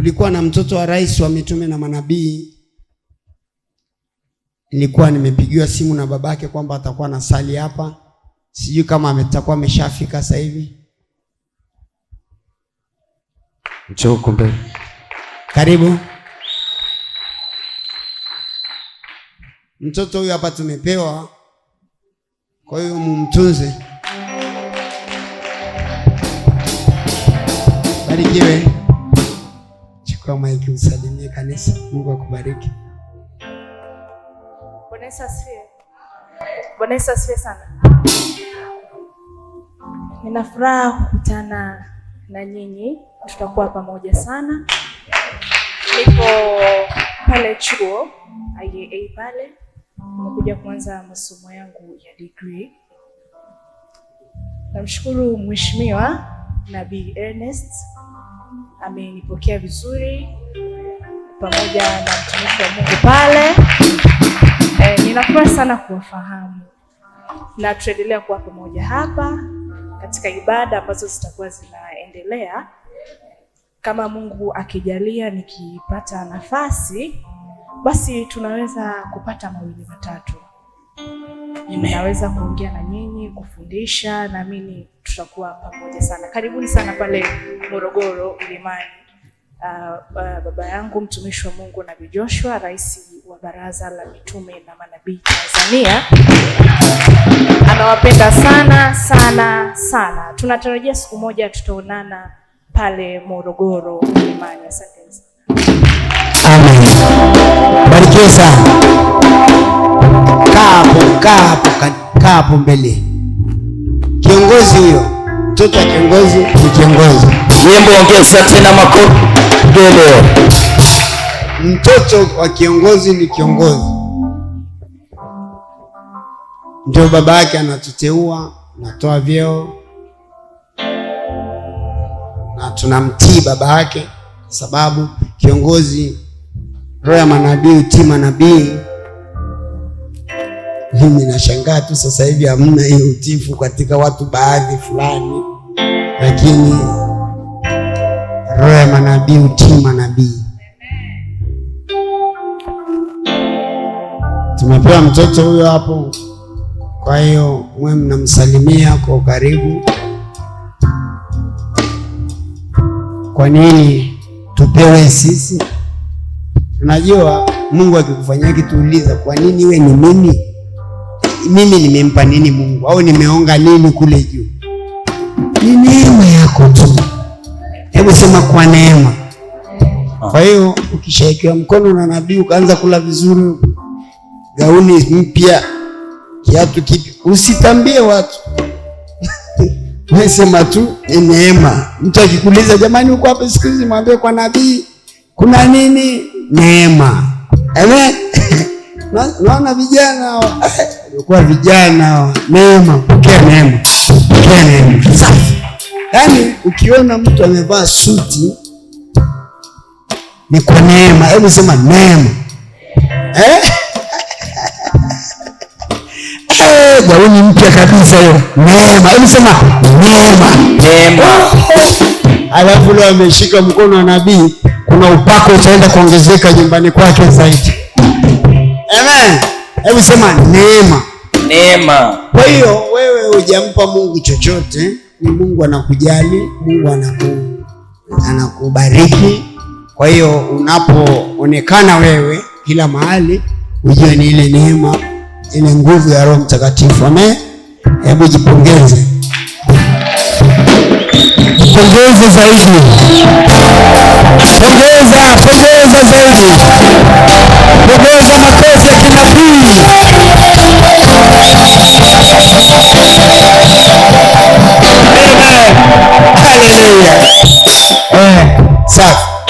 kulikuwa na mtoto wa rais wa mitume na manabii. Nilikuwa nimepigiwa simu na babake kwamba atakuwa na sali hapa, sijui kama ametakuwa ameshafika sasa hivi. Njoo kumbe, karibu mtoto huyu hapa tumepewa, kwa hiyo mumtunze, barikiwe. Chukua maiki usalimie kanisa. Mungu akubariki. Bwana Yesu asifiwe. Bwana Yesu asifiwe sana. Nina furaha kukutana na nyinyi, tutakuwa pamoja sana. Nipo pale chuo IAA pale, nimekuja kuanza masomo yangu ya degree. Namshukuru Mheshimiwa Nabii Ernest amenipokea vizuri pamoja na mtumishi wa Mungu pale. E, ninafurahi sana kuwafahamu na tutaendelea kuwa pamoja hapa katika ibada ambazo zitakuwa zinaendelea kama Mungu akijalia, nikipata nafasi basi tunaweza kupata mawili matatu, ninaweza kuongea na nyinyi kufundisha, naamini tutakuwa pamoja sana. Karibuni sana pale Morogoro Ulimani. Uh, uh, baba yangu mtumishi wa Mungu na Joshua, rais wa Baraza la Mitume na Manabii Tanzania, anawapenda sana sana sana. Tunatarajia siku moja tutaonana pale Morogoro Ulimani. Asante sana, sana. Kaa hapo, kaa mbele Kiongozi huyo, mtoto wa kiongozi ni kiongozi. Wimbo ongeza tena makofi Mtoto wa kiongozi ni kiongozi, ndio baba yake anatuteua, natoa vyeo na tunamtii baba yake, kwa sababu kiongozi, roho ya manabii utii manabii mimi nashangaa tu sasa hivi hamna hiyo utifu katika watu baadhi fulani, lakini roho ya manabii utii manabii. Tumepewa mtoto huyo hapo, kwa hiyo mwe mnamsalimia kwa ukaribu. Kwa nini tupewe sisi? Unajua Mungu akikufanyia kitu uliza, kwa nini iwe ni mimi? mimi nimempa nini Mungu au nimeonga nini kule juu? Ni neema yako tu. Hebu sema kwa neema. Kwa hiyo ukishaekewa mkono na nabii ukaanza kula vizuri, gauni mpya, kiatu kipi, usitambie watu wewe tu ni neema. Mtu akikuuliza jamani, uko hapa siku hizi, mwambie kwa nabii kuna nini? Neema. Amen. Naona vijana walikuwa vijana neema, pokea neema, pokea neema safi. Yaani ukiona mtu amevaa suti ni kwa neema. Hebu sema neema, eh? eh gauni mpya kabisa hiyo, neema. Hebu sema neema, neema. Alafu leo ameshika mkono wa nabii, kuna upako utaenda kuongezeka nyumbani kwake zaidi. Amen. Hebu sema neema. Neema. Kwa hiyo wewe hujampa Mungu chochote, ni Mungu anakujali, Mungu anaku anakubariki. Kwa hiyo unapoonekana wewe kila mahali, ujue ni ile neema, ile nguvu ya Roho Mtakatifu. Amen. Hebu jipongeze, jipongeze zaidi. Beleza, beleza, gente. Mudou é uma coisa aqui na Pi. Alegria. É, sabe?